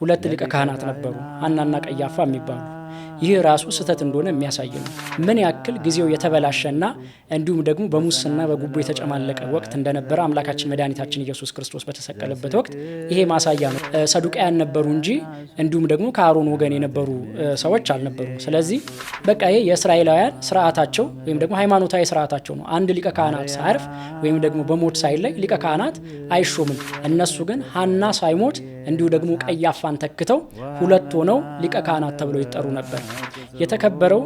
ሁለት ሊቀ ካህናት ነበሩ፣ ሐናና ቀያፋ የሚባሉ ይህ ራሱ ስህተት እንደሆነ የሚያሳይ ነው። ምን ያክል ጊዜው የተበላሸና እንዲሁም ደግሞ በሙስና በጉቦ የተጨማለቀ ወቅት እንደነበረ አምላካችን መድኃኒታችን ኢየሱስ ክርስቶስ በተሰቀለበት ወቅት ይሄ ማሳያ ነው። ሰዱቃያን ነበሩ እንጂ እንዲሁም ደግሞ ከአሮን ወገን የነበሩ ሰዎች አልነበሩም። ስለዚህ በቃ ይሄ የእስራኤላውያን ስርዓታቸው ወይም ደግሞ ሃይማኖታዊ ስርዓታቸው ነው። አንድ ሊቀ ካህናት ሳያርፍ ወይም ደግሞ በሞት ሳይል ላይ ሊቀ ካህናት አይሾምም። እነሱ ግን ሀና ሳይሞት እንዲሁ ደግሞ ቀያፋን ተክተው ሁለት ሆነው ሊቀ ካህናት ተብለው ይጠሩ ነበር። የተከበረው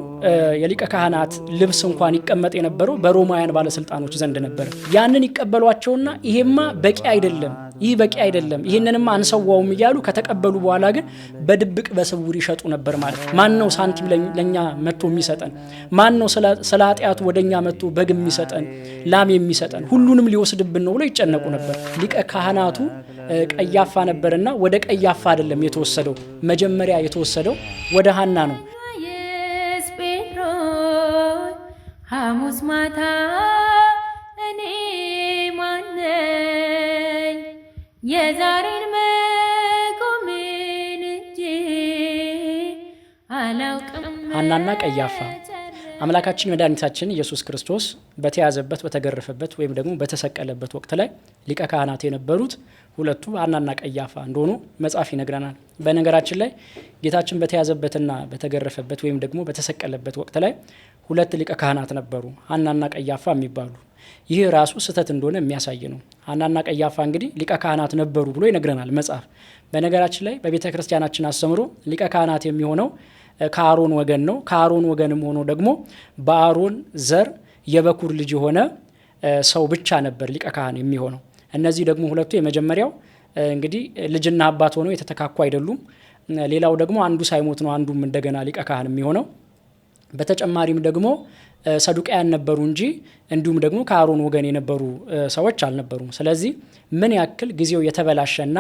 የሊቀ ካህናት ልብስ እንኳን ይቀመጥ የነበረው በሮማውያን ባለስልጣኖች ዘንድ ነበር። ያንን ይቀበሏቸውና ይሄማ በቂ አይደለም፣ ይህ በቂ አይደለም፣ ይህንንም አንሰዋውም እያሉ ከተቀበሉ በኋላ ግን በድብቅ በስውር ይሸጡ ነበር ማለት ማን ነው ሳንቲም ለእኛ መጥቶ የሚሰጠን? ማን ነው ስለ ኃጢአቱ ወደ እኛ መጥቶ በግ የሚሰጠን ላም የሚሰጠን? ሁሉንም ሊወስድብን ነው ብለው ይጨነቁ ነበር። ሊቀ ካህናቱ ቀያፋ ነበርና ወደ ቀያፋ አይደለም የተወሰደው መጀመሪያ የተወሰደው ወደ ሀና ነው። ሐሙስ ማታ እኔ ማነኝ የዛሬን መቆሜን እንጂ አላውቅም። ቀያፋ አምላካችን መድኃኒታችን ኢየሱስ ክርስቶስ በተያዘበት በተገረፈበት ወይም ደግሞ በተሰቀለበት ወቅት ላይ ሊቀ ካህናት የነበሩት ሁለቱ ሐናና ቀያፋ እንደሆኑ መጽሐፍ ይነግረናል። በነገራችን ላይ ጌታችን በተያዘበትና በተገረፈበት ወይም ደግሞ በተሰቀለበት ወቅት ላይ ሁለት ሊቀ ካህናት ነበሩ፣ ሐናና ቀያፋ የሚባሉ። ይህ ራሱ ስህተት እንደሆነ የሚያሳይ ነው። ሐናና ቀያፋ እንግዲህ ሊቀ ካህናት ነበሩ ብሎ ይነግረናል መጽሐፍ። በነገራችን ላይ በቤተ ክርስቲያናችን አስተምሮ ሊቀ ካህናት የሚሆነው ከአሮን ወገን ነው። ከአሮን ወገንም ሆኖ ደግሞ በአሮን ዘር የበኩር ልጅ የሆነ ሰው ብቻ ነበር ሊቀ ካህን የሚሆነው። እነዚህ ደግሞ ሁለቱ የመጀመሪያው እንግዲህ ልጅና አባት ሆነው የተተካኩ አይደሉም። ሌላው ደግሞ አንዱ ሳይሞት ነው አንዱም እንደገና ሊቀ ካህን የሚሆነው። በተጨማሪም ደግሞ ሰዱቃያን ነበሩ እንጂ እንዲሁም ደግሞ ከአሮን ወገን የነበሩ ሰዎች አልነበሩም። ስለዚህ ምን ያክል ጊዜው የተበላሸና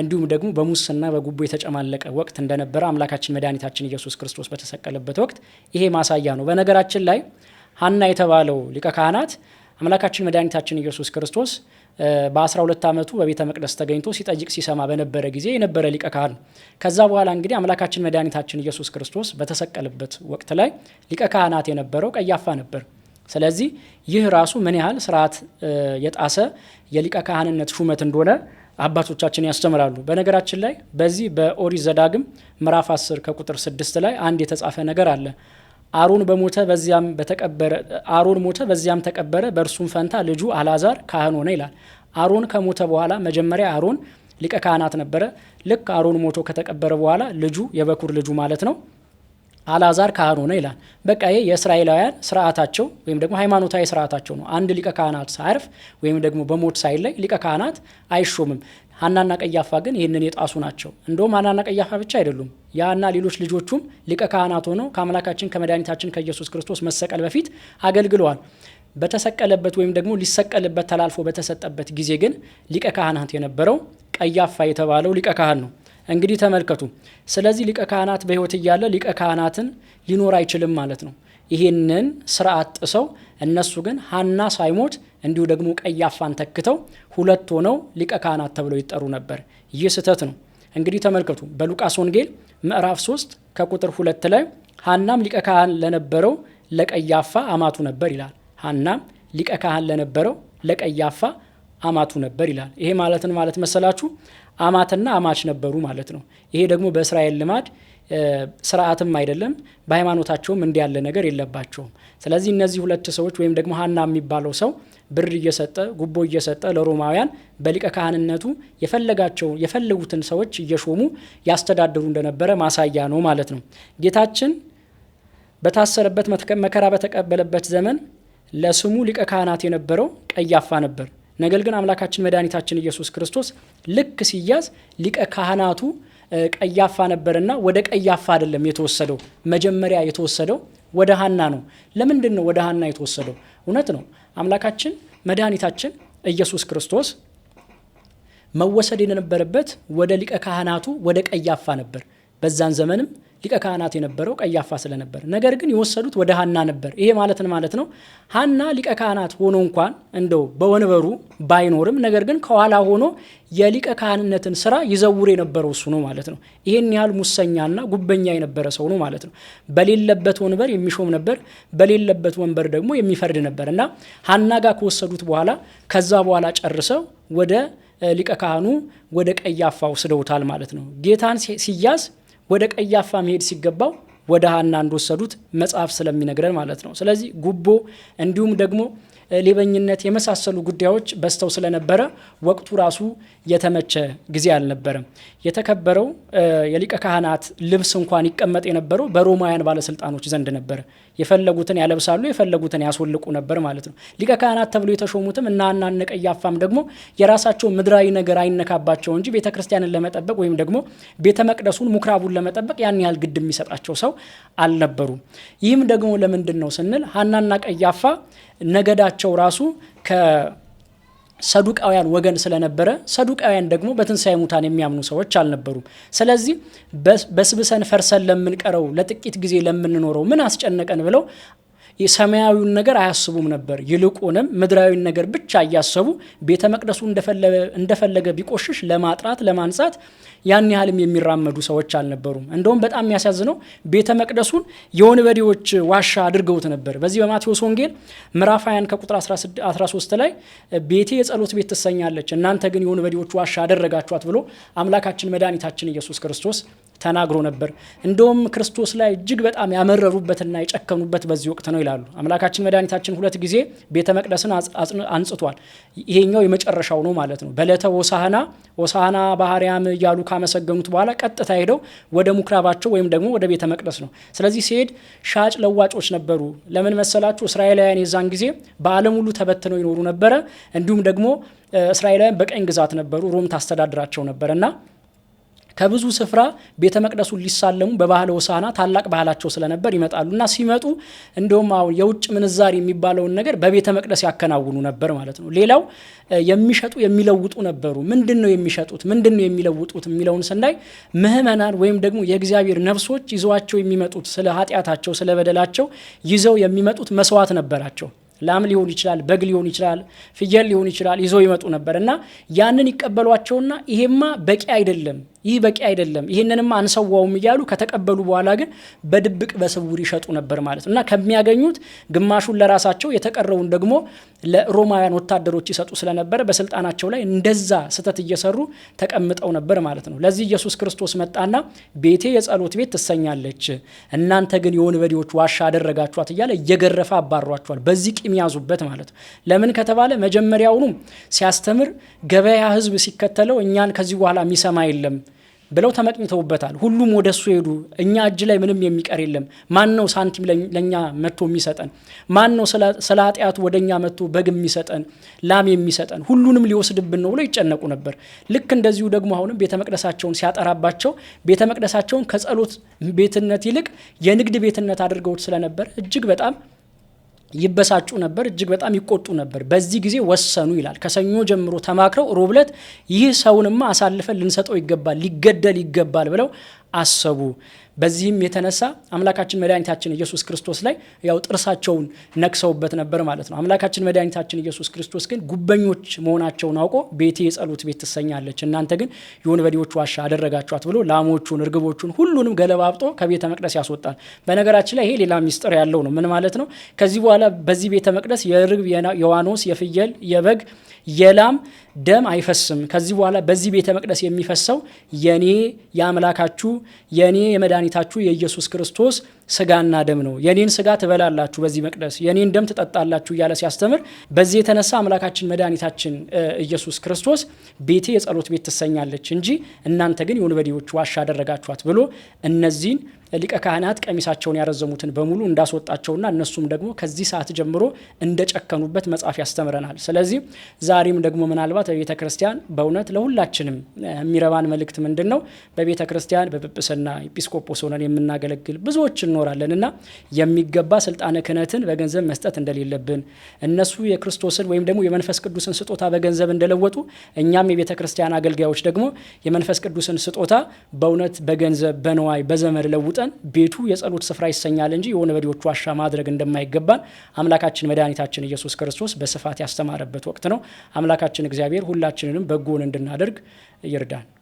እንዲሁም ደግሞ በሙስና በጉቦ የተጨማለቀ ወቅት እንደነበረ አምላካችን መድኃኒታችን ኢየሱስ ክርስቶስ በተሰቀለበት ወቅት ይሄ ማሳያ ነው። በነገራችን ላይ ሀና የተባለው ሊቀ ካህናት አምላካችን መድኃኒታችን ኢየሱስ ክርስቶስ በ12 ዓመቱ በቤተ መቅደስ ተገኝቶ ሲጠይቅ ሲሰማ በነበረ ጊዜ የነበረ ሊቀ ካህን ነው። ከዛ በኋላ እንግዲህ አምላካችን መድኃኒታችን ኢየሱስ ክርስቶስ በተሰቀለበት ወቅት ላይ ሊቀ ካህናት የነበረው ቀያፋ ነበር። ስለዚህ ይህ ራሱ ምን ያህል ስርዓት የጣሰ የሊቀ ካህንነት ሹመት እንደሆነ አባቶቻችን ያስተምራሉ። በነገራችን ላይ በዚህ በኦሪት ዘዳግም ምዕራፍ 10 ከቁጥር 6 ላይ አንድ የተጻፈ ነገር አለ። አሮን በሞተ በዚያም በተቀበረ አሮን ሞተ በዚያም ተቀበረ፣ በእርሱም ፈንታ ልጁ አልዓዛር ካህን ሆነ ይላል። አሮን ከሞተ በኋላ መጀመሪያ አሮን ሊቀ ካህናት ነበረ። ልክ አሮን ሞቶ ከተቀበረ በኋላ ልጁ የበኩር ልጁ ማለት ነው አልዓዛር ካህን ሆነ ይላል። በቃ ይህ የእስራኤላውያን ስርዓታቸው ወይም ደግሞ ሃይማኖታዊ ስርዓታቸው ነው። አንድ ሊቀ ካህናት ሳያርፍ ወይም ደግሞ በሞት ሳይለይ ሊቀ ካህናት አይሾምም። ሀናና ቀያፋ ግን ይህንን የጣሱ ናቸው። እንደውም ሀናና ቀያፋ ብቻ አይደሉም። ያና ሌሎች ልጆቹም ሊቀ ካህናት ሆነው ከአምላካችን ከመድኃኒታችን ከኢየሱስ ክርስቶስ መሰቀል በፊት አገልግለዋል። በተሰቀለበት ወይም ደግሞ ሊሰቀልበት ተላልፎ በተሰጠበት ጊዜ ግን ሊቀ ካህናት የነበረው ቀያፋ የተባለው ሊቀ ካህን ነው። እንግዲህ ተመልከቱ። ስለዚህ ሊቀ ካህናት በሕይወት እያለ ሊቀ ካህናትን ሊኖር አይችልም ማለት ነው። ይህንን ስርዓት ጥሰው እነሱ ግን ሀና ሳይሞት እንዲሁ ደግሞ ቀያፋን ተክተው ሁለት ሆነው ሊቀ ካህናት ተብለው ይጠሩ ነበር። ይህ ስህተት ነው። እንግዲህ ተመልከቱ በሉቃስ ወንጌል ምዕራፍ 3 ከቁጥር ሁለት ላይ ሀናም ሊቀ ካህን ለነበረው ለቀያፋ አማቱ ነበር ይላል። ሀናም ሊቀ ካህን ለነበረው ለቀያፋ አማቱ ነበር ይላል። ይሄ ማለትን ማለት መሰላችሁ አማትና አማች ነበሩ ማለት ነው። ይሄ ደግሞ በእስራኤል ልማድ ስርዓትም አይደለም፣ በሃይማኖታቸውም እንዲ ያለ ነገር የለባቸውም። ስለዚህ እነዚህ ሁለት ሰዎች ወይም ደግሞ ሀና የሚባለው ሰው ብር እየሰጠ ጉቦ እየሰጠ ለሮማውያን በሊቀ ካህንነቱ የፈለጋቸው የፈለጉትን ሰዎች እየሾሙ ያስተዳድሩ እንደነበረ ማሳያ ነው ማለት ነው። ጌታችን በታሰረበት መከራ በተቀበለበት ዘመን ለስሙ ሊቀ ካህናት የነበረው ቀያፋ ነበር። ነገር ግን አምላካችን መድኃኒታችን ኢየሱስ ክርስቶስ ልክ ሲያዝ ሊቀ ካህናቱ ቀያፋ ነበርና ወደ ቀያፋ አይደለም የተወሰደው። መጀመሪያ የተወሰደው ወደ ሀና ነው። ለምንድን ነው ወደ ሀና የተወሰደው? እውነት ነው አምላካችን መድኃኒታችን ኢየሱስ ክርስቶስ መወሰድ የነበረበት ወደ ሊቀ ካህናቱ ወደ ቀያፋ ነበር። በዛን ዘመንም ሊቀ ካህናት የነበረው ቀያፋ ስለነበር፣ ነገር ግን የወሰዱት ወደ ሀና ነበር። ይሄ ማለትን ማለት ነው። ሀና ሊቀ ካህናት ሆኖ እንኳን እንደው በወንበሩ ባይኖርም፣ ነገር ግን ከኋላ ሆኖ የሊቀ ካህንነትን ስራ ይዘውር የነበረው እሱ ነው ማለት ነው። ይሄን ያህል ሙሰኛና ጉበኛ የነበረ ሰው ነው ማለት ነው። በሌለበት ወንበር የሚሾም ነበር፣ በሌለበት ወንበር ደግሞ የሚፈርድ ነበር እና ሀና ጋር ከወሰዱት በኋላ ከዛ በኋላ ጨርሰው ወደ ሊቀ ካህኑ ወደ ቀያፋ ወስደውታል ማለት ነው። ጌታን ሲያዝ ወደ ቀያፋ መሄድ ሲገባው ወደ ሀና እንደወሰዱት መጽሐፍ ስለሚነግረን ማለት ነው። ስለዚህ ጉቦ እንዲሁም ደግሞ ሌበኝነት የመሳሰሉ ጉዳዮች በዝተው ስለነበረ ወቅቱ ራሱ የተመቸ ጊዜ አልነበረም። የተከበረው የሊቀ ካህናት ልብስ እንኳን ይቀመጥ የነበረው በሮማውያን ባለስልጣኖች ዘንድ ነበር የፈለጉትን ያለብሳሉ፣ የፈለጉትን ያስወልቁ ነበር ማለት ነው። ሊቀ ካህናት ተብሎ የተሾሙትም እና ሐናና ቀያፋም ደግሞ የራሳቸው ምድራዊ ነገር አይነካባቸው እንጂ ቤተ ክርስቲያንን ለመጠበቅ ወይም ደግሞ ቤተ መቅደሱን ምኩራቡን ለመጠበቅ ያን ያህል ግድ የሚሰጣቸው ሰው አልነበሩም። ይህም ደግሞ ለምንድን ነው ስንል ሀናና ቀያፋ ነገዳቸው ራሱ ከሰዱቃውያን ወገን ስለነበረ ሰዱቃውያን ደግሞ በትንሣኤ ሙታን የሚያምኑ ሰዎች አልነበሩም። ስለዚህ በስብሰን ፈርሰን ለምንቀረው ለጥቂት ጊዜ ለምንኖረው ምን አስጨነቀን ብለው ሰማያዊውን ነገር አያስቡም ነበር። ይልቁንም ምድራዊን ነገር ብቻ እያሰቡ ቤተ መቅደሱ እንደፈለገ ቢቆሽሽ ለማጥራት ለማንጻት ያን ያህልም የሚራመዱ ሰዎች አልነበሩም። እንደውም በጣም የሚያሳዝነው ቤተ መቅደሱን የወንበዴዎች ዋሻ አድርገውት ነበር። በዚህ በማቴዎስ ወንጌል ምዕራፍ 21 ከቁጥር 13 ላይ ቤቴ የጸሎት ቤት ትሰኛለች፣ እናንተ ግን የወንበዴዎች ዋሻ አደረጋችኋት ብሎ አምላካችን መድኃኒታችን ኢየሱስ ክርስቶስ ተናግሮ ነበር። እንደውም ክርስቶስ ላይ እጅግ በጣም ያመረሩበትና የጨከኑበት በዚህ ወቅት ነው ይላሉ። አምላካችን መድኃኒታችን ሁለት ጊዜ ቤተ መቅደስን አንጽቷል። ይሄኛው የመጨረሻው ነው ማለት ነው። በለተ ሆሳዕና ሆሳዕና ባህርያም እያሉ ካመሰገኑት በኋላ ቀጥታ ሄደው ወደ ምኩራባቸው ወይም ደግሞ ወደ ቤተ መቅደስ ነው። ስለዚህ ሲሄድ ሻጭ ለዋጮች ነበሩ። ለምን መሰላችሁ? እስራኤላውያን የዛን ጊዜ በዓለም ሁሉ ተበትነው ይኖሩ ነበረ። እንዲሁም ደግሞ እስራኤላውያን በቀኝ ግዛት ነበሩ። ሮም ታስተዳድራቸው ነበረ እና ከብዙ ስፍራ ቤተ መቅደሱን ሊሳለሙ በባህለ ሆሳዕና ታላቅ ባህላቸው ስለነበር ይመጣሉ እና ሲመጡ እንደውም አሁን የውጭ ምንዛሪ የሚባለውን ነገር በቤተ መቅደስ ያከናውኑ ነበር ማለት ነው። ሌላው የሚሸጡ የሚለውጡ ነበሩ። ምንድን ነው የሚሸጡት፣ ምንድን ነው የሚለውጡት የሚለውን ስናይ ምህመናን ወይም ደግሞ የእግዚአብሔር ነፍሶች ይዘዋቸው የሚመጡት ስለ ኃጢአታቸው ስለ በደላቸው ይዘው የሚመጡት መስዋዕት ነበራቸው። ላም ሊሆን ይችላል፣ በግ ሊሆን ይችላል፣ ፍየል ሊሆን ይችላል። ይዘው ይመጡ ነበር እና ያንን ይቀበሏቸውና ይሄማ በቂ አይደለም ይህ በቂ አይደለም፣ ይህንንም አንሰዋውም እያሉ ከተቀበሉ በኋላ ግን በድብቅ በስውር ይሸጡ ነበር ማለት ነው እና ከሚያገኙት ግማሹን ለራሳቸው የተቀረውን ደግሞ ለሮማውያን ወታደሮች ይሰጡ ስለነበረ በስልጣናቸው ላይ እንደዛ ስህተት እየሰሩ ተቀምጠው ነበር ማለት ነው። ለዚህ ኢየሱስ ክርስቶስ መጣና ቤቴ የጸሎት ቤት ትሰኛለች፣ እናንተ ግን የወንበዴዎች ዋሻ አደረጋችኋት እያለ እየገረፈ አባሯቸዋል። በዚህ ቂም ያዙበት ማለት ነው። ለምን ከተባለ መጀመሪያውኑም ሲያስተምር ገበያ ህዝብ ሲከተለው እኛን ከዚህ በኋላ የሚሰማ የለም ብለው ተመጥምተውበታል። ሁሉም ወደ እሱ ሄዱ። እኛ እጅ ላይ ምንም የሚቀር የለም። ማን ነው ሳንቲም ለእኛ መጥቶ የሚሰጠን? ማን ነው ስለ ኃጢአቱ ወደ እኛ መጥቶ በግ የሚሰጠን፣ ላም የሚሰጠን? ሁሉንም ሊወስድብን ነው ብለው ይጨነቁ ነበር። ልክ እንደዚሁ ደግሞ አሁንም ቤተ መቅደሳቸውን ሲያጠራባቸው ቤተ መቅደሳቸውን ከጸሎት ቤትነት ይልቅ የንግድ ቤትነት አድርገውት ስለነበር እጅግ በጣም ይበሳጩ ነበር፣ እጅግ በጣም ይቆጡ ነበር። በዚህ ጊዜ ወሰኑ ይላል። ከሰኞ ጀምሮ ተማክረው ሮብ ዕለት ይህ ሰውንማ አሳልፈን ልንሰጠው ይገባል፣ ሊገደል ይገባል ብለው አሰቡ። በዚህም የተነሳ አምላካችን መድኃኒታችን ኢየሱስ ክርስቶስ ላይ ያው ጥርሳቸውን ነክሰውበት ነበር ማለት ነው። አምላካችን መድኃኒታችን ኢየሱስ ክርስቶስ ግን ጉበኞች መሆናቸውን አውቆ ቤቴ የጸሎት ቤት ትሰኛለች፣ እናንተ ግን የወንበዴዎች ዋሻ አደረጋችኋት ብሎ ላሞቹን፣ እርግቦቹን ሁሉንም ገለባብጦ ከቤተ መቅደስ ያስወጣል። በነገራችን ላይ ይሄ ሌላ ሚስጥር ያለው ነው። ምን ማለት ነው? ከዚህ በኋላ በዚህ ቤተ መቅደስ የርግብ፣ የዋኖስ፣ የፍየል፣ የበግ፣ የላም ደም አይፈስም። ከዚህ በኋላ በዚህ ቤተ መቅደስ የሚፈሰው የኔ የአምላካችሁ የኔ የመድ መድኃኒታችሁ የኢየሱስ ክርስቶስ ስጋና ደም ነው፣ የኔን ስጋ ትበላላችሁ፣ በዚህ መቅደስ የኔን ደም ትጠጣላችሁ እያለ ሲያስተምር፣ በዚህ የተነሳ አምላካችን መድኃኒታችን ኢየሱስ ክርስቶስ ቤቴ የጸሎት ቤት ትሰኛለች እንጂ እናንተ ግን የወንበዴዎች ዋሻ አደረጋችኋት ብሎ እነዚህን ሊቀ ካህናት ቀሚሳቸውን ያረዘሙትን በሙሉ እንዳስወጣቸውና እነሱም ደግሞ ከዚህ ሰዓት ጀምሮ እንደጨከኑበት መጽሐፍ ያስተምረናል። ስለዚህ ዛሬም ደግሞ ምናልባት በቤተ ክርስቲያን በእውነት ለሁላችንም የሚረባን መልእክት ምንድን ነው? በቤተ ክርስቲያን በጵጵስና ኤጲስቆጶስ ሆነን የምናገለግል ብዙዎች እንኖራለን እና የሚገባ ስልጣነ ክህነትን በገንዘብ መስጠት እንደሌለብን እነሱ የክርስቶስን ወይም ደግሞ የመንፈስ ቅዱስን ስጦታ በገንዘብ እንደለወጡ እኛም የቤተ ክርስቲያን አገልጋዮች ደግሞ የመንፈስ ቅዱስን ስጦታ በእውነት በገንዘብ በነዋይ በዘመድ ለውጠ ተነስተን ቤቱ የጸሎት ስፍራ ይሰኛል እንጂ በዴዎች ዋሻ ማድረግ እንደማይገባን አምላካችን መድኃኒታችን ኢየሱስ ክርስቶስ በስፋት ያስተማረበት ወቅት ነው። አምላካችን እግዚአብሔር ሁላችንንም በጎን እንድናደርግ ይርዳን።